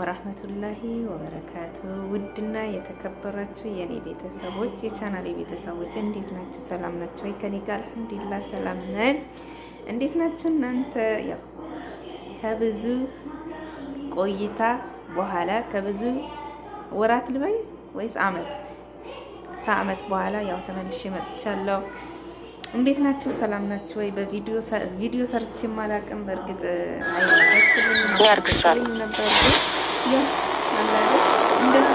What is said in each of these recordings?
ወራህመቱላሂ ወበረካቱ ውድና የተከበራችሁ የኔ ቤተሰቦች የቻናሌ ቤተሰቦች እንዴት ናችሁ? ሰላም ናችሁ ወይ? ከኔ ጋር አልሐምዱሊላህ ሰላም ነን። እንዴት ናችሁ እናንተ? ያው ከብዙ ቆይታ በኋላ ከብዙ ወራት ልበይ ወይስ አመት ከአመት በኋላ ያው ተመልሼ መጥቻለሁ። እንዴት ናችሁ? ሰላም ናችሁ ወይ? በቪዲዮ ቪዲዮ ሰርቼ አላውቅም። በእርግጥ ያርግሻል ነበር ብዙ ነገር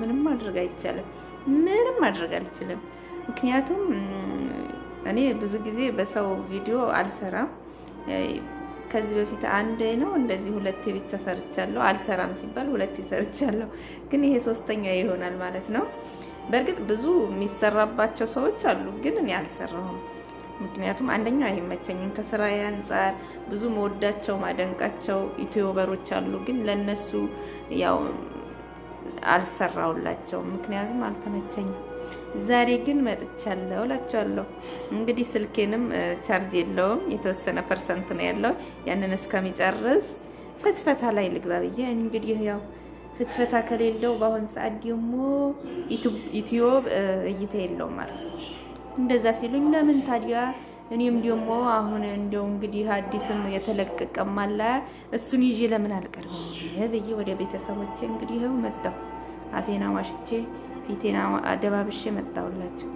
ምንም ማድረግ አይቻልም። ምንም ማድረግ አልችልም። ምክንያቱም እኔ ብዙ ጊዜ በሰው ቪዲዮ አልሰራም። ከዚህ በፊት አንዴ ነው እንደዚህ ሁለቴ ብቻ ሰርቻለሁ። አልሰራም ሲባል ሁለቴ ሰርቻለሁ፣ ግን ይሄ ሶስተኛ ይሆናል ማለት ነው። በእርግጥ ብዙ የሚሰራባቸው ሰዎች አሉ፣ ግን እኔ አልሰራሁም። ምክንያቱም አንደኛው አይመቸኝም ከስራዬ አንጻር። ብዙ መወዳቸው ማደንቃቸው ዩቲዩበሮች አሉ፣ ግን ለነሱ ያው አልሰራውላቸውም፣ ምክንያቱም አልተመቸኝም። ዛሬ ግን መጥቻለሁ እላቸዋለሁ። እንግዲህ ስልኬንም ቻርጅ የለውም የተወሰነ ፐርሰንት ነው ያለው። ያንን እስከሚጨርስ ፍትፈታ ላይ ልግባ ብዬ እንግዲህ ያው ፍትፈታ ከሌለው በአሁን ሰዓት ደግሞ ዩቲዩብ እይታ የለውም ማለት እንደዛ ሲሉኝ ለምን ታዲያ እኔም ደግሞ አሁን እንደው እንግዲህ አዲስም የተለቀቀም አለ እሱን ይዤ ለምን አልቀርብም ብዬ ወደ ቤተሰቦቼ እንግዲህ ይኸው መጣሁ አፌና ዋሽቼ ፊቴን አደባብሼ መጣሁላችሁ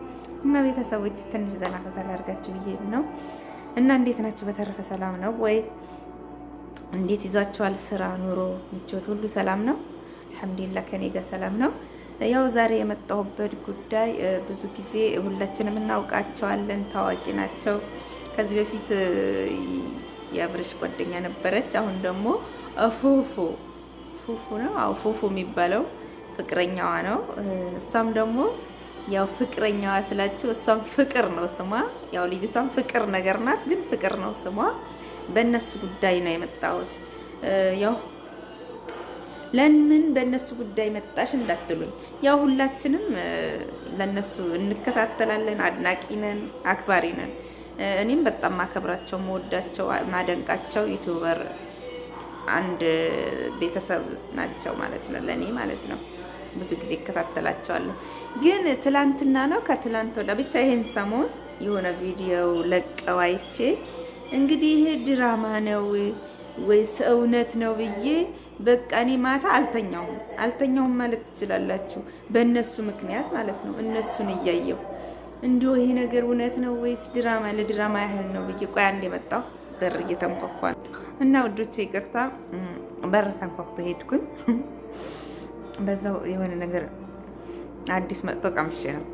እና ቤተሰቦች ትንሽ ዘና ፈታ ላድርጋችሁ ብዬ ነው። እና እንዴት ናችሁ? በተረፈ ሰላም ነው ወይ? እንዴት ይዟችኋል? ስራ፣ ኑሮ፣ ምቾት ሁሉ ሰላም ነው? አልሐምዱሊላህ ከኔ ጋር ሰላም ነው። ያው ዛሬ የመጣሁበት ጉዳይ ብዙ ጊዜ ሁላችንም እናውቃቸዋለን፣ ታዋቂ ናቸው። ከዚህ በፊት የአብርሽ ጓደኛ ነበረች። አሁን ደግሞ ፉፉ ፉፉ ነው ፉፉ የሚባለው ፍቅረኛዋ ነው። እሷም ደግሞ ያው ፍቅረኛዋ ስላችሁ እሷም ፍቅር ነው ስሟ። ያው ልጅቷም ፍቅር ነገር ናት፣ ግን ፍቅር ነው ስሟ። በእነሱ ጉዳይ ነው የመጣሁት። ያው ለምን በእነሱ ጉዳይ መጣሽ እንዳትሉኝ፣ ያው ሁላችንም ለእነሱ እንከታተላለን። አድናቂ ነን፣ አክባሪ ነን። እኔም በጣም ማከብራቸው፣ መወዳቸው፣ ማደንቃቸው ዩቱበር አንድ ቤተሰብ ናቸው ማለት ነው ለእኔ ማለት ነው። ብዙ ጊዜ እከታተላቸዋለሁ። ግን ትላንትና ነው ከትላንት ወዲያ ብቻ ይሄን ሰሞን የሆነ ቪዲዮ ለቀው አይቼ እንግዲህ ይሄ ድራማ ነው ወይስ እውነት ነው ብዬ በቃ እኔ ማታ አልተኛውም አልተኛውም ማለት ትችላላችሁ። በእነሱ ምክንያት ማለት ነው። እነሱን እያየው እንዲሁ ይሄ ነገር እውነት ነው ወይስ ድራማ ለድራማ ያህል ነው ብዬ ቆይ አንድ የመጣው በር እየተንኳኳ እና ውዶቼ ይቅርታ በር ተንኳኩቶ ሄድኩኝ። በዛው የሆነ ነገር አዲስ መጥቶ ቀምሼ ነው።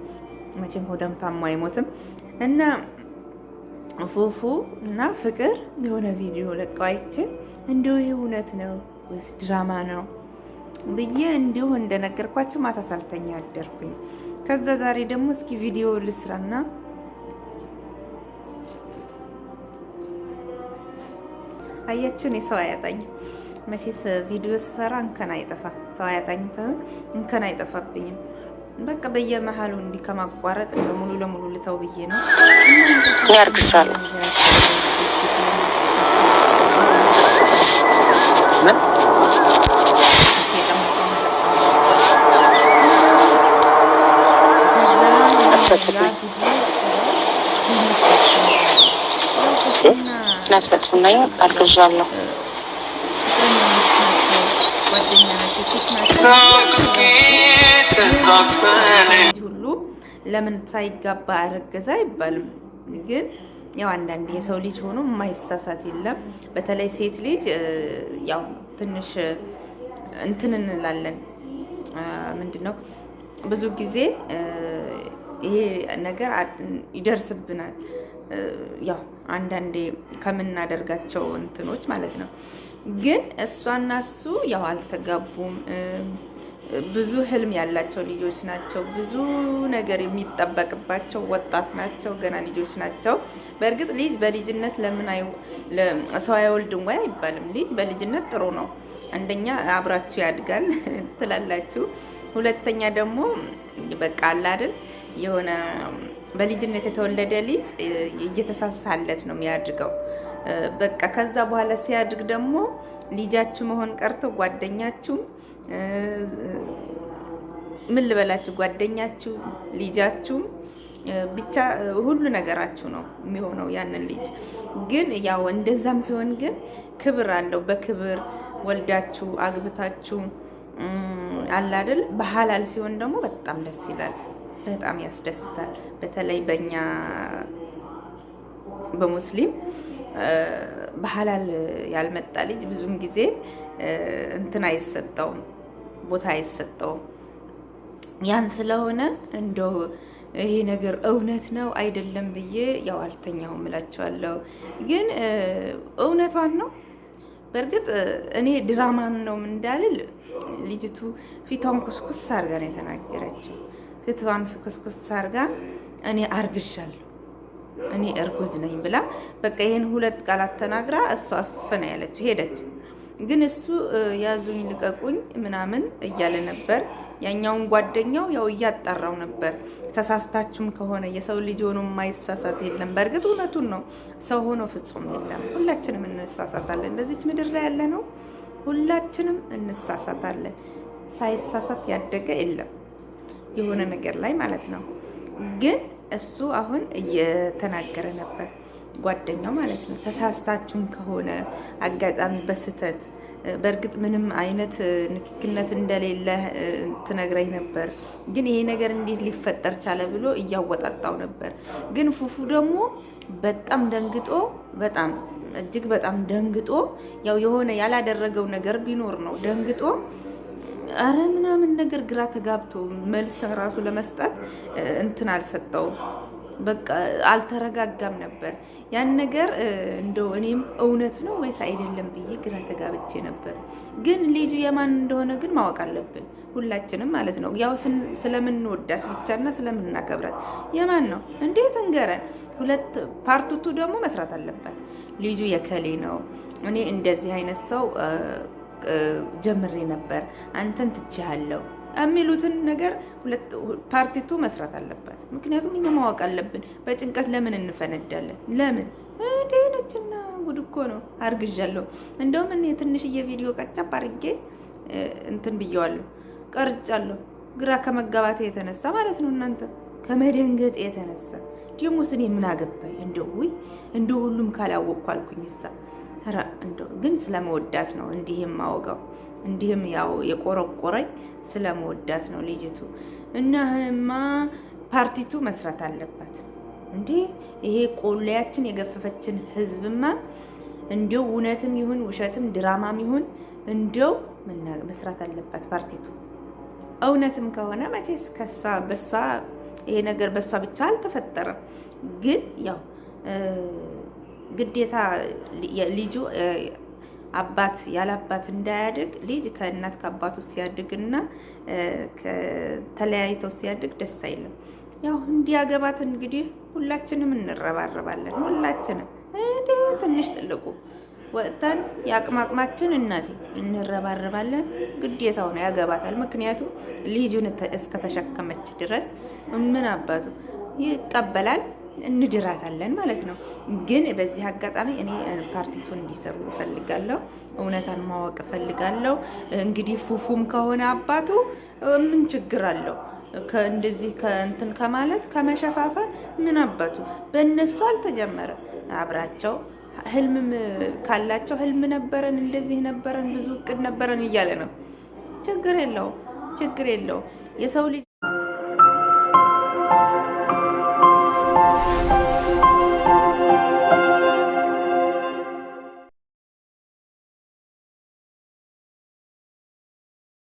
መቼም ሆዳም ታሞ አይሞትም እና ፉፉ እና ፍቅር የሆነ ቪዲዮ ለቀው አይቼ እንዲሁ ይህ እውነት ነው ወይስ ድራማ ነው ብዬ እንዲሁ እንደነገርኳቸው ማታ ሳልተኛ አደርኩኝ። ከዛ ዛሬ ደግሞ እስኪ ቪዲዮ ልስራና አያችን የሰው አያጣኝም። መቼስ ቪዲዮ ስሰራ እንከን አይጠፋ ሰው አያጣኝ ሳይሆን እንከን አይጠፋብኝም። በቃ በየመሀሉ እንዲህ ከማቋረጥ ሙሉ ለሙሉ ልተው ብዬ ነው ያርግሻል። ምን ነፍሰ ጡር ነኝ አርግዣለሁ። ሁሉ ለምን ሳይጋባ አረገዘ አይባልም። ግን ያው አንዳንድ የሰው ልጅ ሆኖ የማይሳሳት የለም። በተለይ ሴት ልጅ ያው ትንሽ እንትን እንላለን። ምንድን ነው ብዙ ጊዜ ይሄ ነገር ይደርስብናል። ያው አንዳንዴ ከምናደርጋቸው እንትኖች ማለት ነው ግን እሷና እሱ ያው አልተጋቡም። ብዙ ህልም ያላቸው ልጆች ናቸው። ብዙ ነገር የሚጠበቅባቸው ወጣት ናቸው። ገና ልጆች ናቸው። በእርግጥ ልጅ በልጅነት ለምን ሰው አይወልድም ወይ አይባልም። ልጅ በልጅነት ጥሩ ነው። አንደኛ አብራችሁ ያድጋል ትላላችሁ። ሁለተኛ ደግሞ በቃ አለ አይደል የሆነ በልጅነት የተወለደ ልጅ እየተሳሳለት ነው የሚያድገው በቃ ከዛ በኋላ ሲያድግ ደግሞ ልጃችሁ መሆን ቀርቶ ጓደኛችሁ ምን ልበላችሁ ጓደኛችሁ ልጃችሁም ብቻ ሁሉ ነገራችሁ ነው የሚሆነው። ያንን ልጅ ግን ያው እንደዛም ሲሆን ግን ክብር አለው። በክብር ወልዳችሁ አግብታችሁ አለ አይደል? ሲሆን ደግሞ በጣም ደስ ይላል፣ በጣም ያስደስታል። በተለይ በእኛ በሙስሊም ባህላል ያልመጣ ልጅ ብዙም ጊዜ እንትን አይሰጠውም፣ ቦታ አይሰጠውም። ያን ስለሆነ እንደው ይሄ ነገር እውነት ነው አይደለም ብዬ ያው አልተኛሁም እላቸዋለሁ። ግን እውነቷን ነው። በእርግጥ እኔ ድራማን ነው እንዳልል ልጅቱ ፊቷን ኩስኩስ አርጋ ነው የተናገረችው። ፊቷን ኩስኩስ አርጋ እኔ አርግሻለሁ እኔ እርጉዝ ነኝ ብላ በቃ ይህን ሁለት ቃላት ተናግራ እሷ አፈና ያለች ሄደች። ግን እሱ ያዙኝ ልቀቁኝ ምናምን እያለ ነበር። ያኛውን ጓደኛው ያው እያጣራው ነበር። ተሳስታችሁም ከሆነ የሰው ልጅ ሆኖ የማይሳሳት የለም። በእርግጥ እውነቱን ነው፣ ሰው ሆኖ ፍጹም የለም። ሁላችንም እንሳሳታለን። በዚች ምድር ላይ ያለ ነው፣ ሁላችንም እንሳሳታለን። ሳይሳሳት ያደገ የለም፣ የሆነ ነገር ላይ ማለት ነው ግን እሱ አሁን እየተናገረ ነበር፣ ጓደኛው ማለት ነው። ተሳስታችሁን ከሆነ አጋጣሚ በስህተት በእርግጥ ምንም አይነት ንክክነት እንደሌለ ትነግረኝ ነበር፣ ግን ይሄ ነገር እንዴት ሊፈጠር ቻለ ብሎ እያወጣጣው ነበር። ግን ፉፉ ደግሞ በጣም ደንግጦ በጣም እጅግ በጣም ደንግጦ ያው የሆነ ያላደረገው ነገር ቢኖር ነው ደንግጦ አረ ምናምን ነገር ግራ ተጋብቶ መልስ ራሱ ለመስጠት እንትን አልሰጠውም። በቃ አልተረጋጋም ነበር። ያን ነገር እንደው እኔም እውነት ነው ወይስ አይደለም ብዬ ግራ ተጋብቼ ነበር። ግን ልጁ የማን እንደሆነ ግን ማወቅ አለብን ሁላችንም ማለት ነው። ያው ስለምንወዳት ብቻና ስለምናከብራት የማን ነው እንዴ ተንገረን። ሁለት ፓርቱቱ ደግሞ መስራት አለባት። ልጁ የከሌ ነው እኔ እንደዚህ አይነት ሰው ጀምሬ ነበር፣ አንተን ትችሃለሁ የሚሉትን ነገር ፓርቲቱ መስራት አለባት። ምክንያቱም እኛ ማወቅ አለብን። በጭንቀት ለምን እንፈነዳለን? ለምን ደነችና ጉድ እኮ ነው። አርግዣለሁ። እንደውም እኔ ትንሽዬ ቪዲዮ ቀጫ አርጌ እንትን ብየዋለሁ፣ ቀርጫለሁ። ግራ ከመጋባት የተነሳ ማለት ነው እናንተ ከመደንገጥ የተነሳ ደግሞ ስኔ ምን አገባኝ እንደው ሁሉም ካላወቅኩ አልኩኝ ሳ ግን ስለመወዳት ነው እንዲህም አወጋው እንዲህም ያው የቆረቆረኝ ስለመወዳት ነው ልጅቱ። እናህማ ፓርቲቱ መስራት አለባት እንዴ ይሄ ቆላያችን የገፈፈችን ህዝብማ እንዲው እውነትም ይሁን ውሸትም ድራማም ይሁን እንዲው መስራት አለባት ፓርቲቱ። እውነትም ከሆነ መቼስ ከሷ በሷ ይሄ ነገር በሷ ብቻ አልተፈጠረም። ግን ያው ግዴታ ልጁ አባት ያላባት እንዳያድግ ልጅ ከእናት ከአባቱ ሲያድግና ተለያይተው ሲያድግ ደስ አይልም። ያው እንዲያገባት እንግዲህ ሁላችንም እንረባረባለን። ሁላችንም እንደ ትንሽ ትልቁ ወጥተን የአቅማቅማችን እናቴ እንረባረባለን። ግዴታው ነው ያገባታል። ምክንያቱም ልጁን እስከተሸከመች ድረስ ምን አባቱ ይቀበላል እንድራታለን ማለት ነው። ግን በዚህ አጋጣሚ እኔ ፓርቲቱ እንዲሰሩ እፈልጋለሁ። እውነታን ማወቅ እፈልጋለሁ። እንግዲህ ፉፉም ከሆነ አባቱ ምን ችግር አለው? ከእንደዚህ ከእንትን ከማለት ከመሸፋፈን ምን አባቱ በእነሱ አልተጀመረም። አብራቸው ህልምም ካላቸው ህልም ነበረን፣ እንደዚህ ነበረን፣ ብዙ እቅድ ነበረን እያለ ነው። ችግር የለው ችግር የለው የሰው ልጅ Música